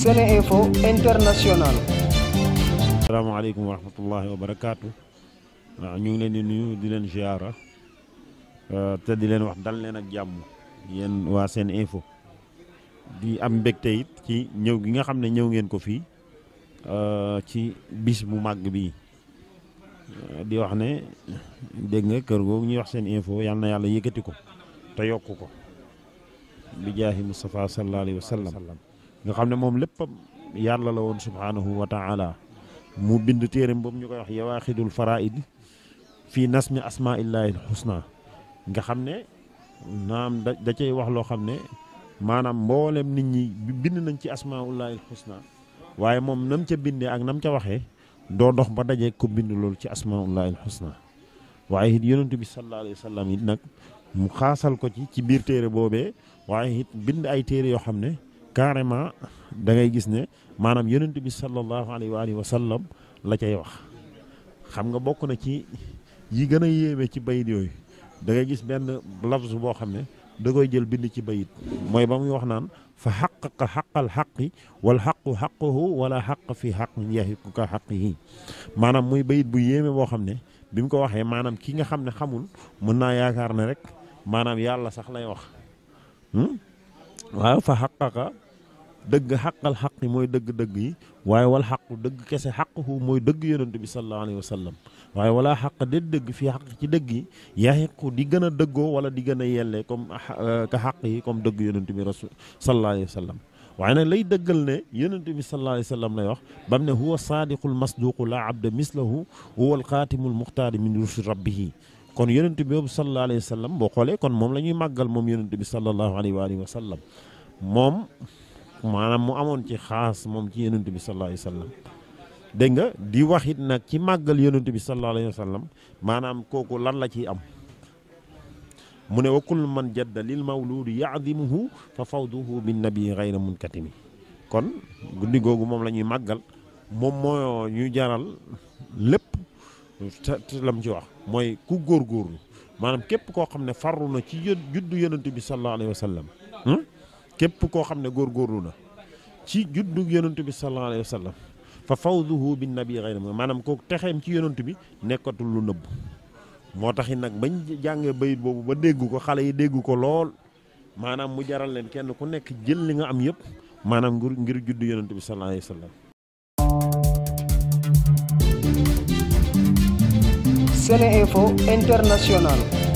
Sene Info International. asalaamaaleykum wa rahmatullahi wa barakaatu. waaw ñu ngi leen di nuyu di leen ziara euh, te di leen wax dal leen ak jàmm yéen waa seen Info di am mbégte it ci ñëw gi nga xam ne ñëw ngeen ko fii euh, ci bis mu màgg bi euh, di wax ne dégg nga kër googu ñuy wax seen Info yal na yàlla yëkkati ko te yokk ko bi jaahi Mustafa sallallahu alayhi wa nga xam ne moom léppam yàlla la woon subhaanahu wa taala mu bind téere boobu ñu koy wax yawaaxidul faraid fii nasmi asmaillahi alxusna nga xam ne naam da cay wax loo xam ne maanaam mboolem nit ñi bind nañ ci asmaullahi alxusna waaye moom nam ca bindee ak na mu ca waxee doo dox ba dajee ko bind loolu ci asmaullahi alxusna waaye it yonentu bi sallallahu alayhi wa sallam nag mu xaasal ko ci ci biir téere boobee waaye it bind ay téere yoo xam ne carrément da ngay gis ne maanaam yonent bi sallallahu alayhi wa sallam la cay wax xam nga bokk na ci yi gën a yéeme ci bayit yooyu da ngay gis benn lafz boo xam ne da koy jël bind ci bayit mooy ba muy wax naan fa xaqqa xaqal xaqi wal xaqu xaquhu wala xaq fi xaq yaxiquka yi maanaam muy bayit bu yéeme boo xam ne bi mu ko waxee maanaam ki nga xam ne xamul mën naa yaakaar ne rek maanaam yàlla sax lay wax hmm? waaw fa xaqaqa dëgg xaqal xaq yi mooy dëgg-dëgg yi waaye wala xaqu dëgg kese xaquhu mooy dëgg yonent bi sallallahu alayhi wa sallam waaye walaa xaq de dëgg fi xaq ci dëgg yi yaxiqu di gën a dëggoo wala di gën a yellee comme ah, euh, ka xaq yi comme dëgg yonent bi rasul sallallahu alayhi wa sallam waaye nag lay dëggal ne yonent bi sallallahu alayhi wa sallam lay wax bam ne huwa saadiqul masduqu la abda mislahu huwa alxaatimul muxtaari min rusul rabbihi kon yonent bi boobu sallallahu alayhi wa boo xoolee kon moom la ñuy màggal moom yonent bi sallallahu alayhi wa sallam moom maanaam mu amoon ci xaas moom ci yonent bi sallallahu alayhi wa dégg nga di wax it nag ci màggal yonent bi sallallahu alayhi sallam maanaam kooku lan la ciy am mu ne wa kullu man jadda lil mawluudi yaadimuhu fa fawduhu bin nabi gayra munkatimi kon guddi googu moom la ñuy màggal moom moo ñu jaral lépp te lam ci wax mooy ku góorgóorlu maanaam képp koo xam ne farlu na ci juddu yonent bi sallallahu alayhi wa sallam hmm? képp koo xam ne góor góorgóorlu na ci juddu yonent bi sallallahu alayhi wa sallam fa fawduhu bin nabi ghayr maanaam kooku texeem ci yonent bi nekkatul lu nëbb moo taxit nag bañ jàngee bayit boobu ba dégg ko xale yi dégg ko lool maanaam mu jaral leen kenn ku nekk jël li nga am yëpp maanaam ngir ngir juddu yonent bi sallallahu alayhi wa SeneInfo International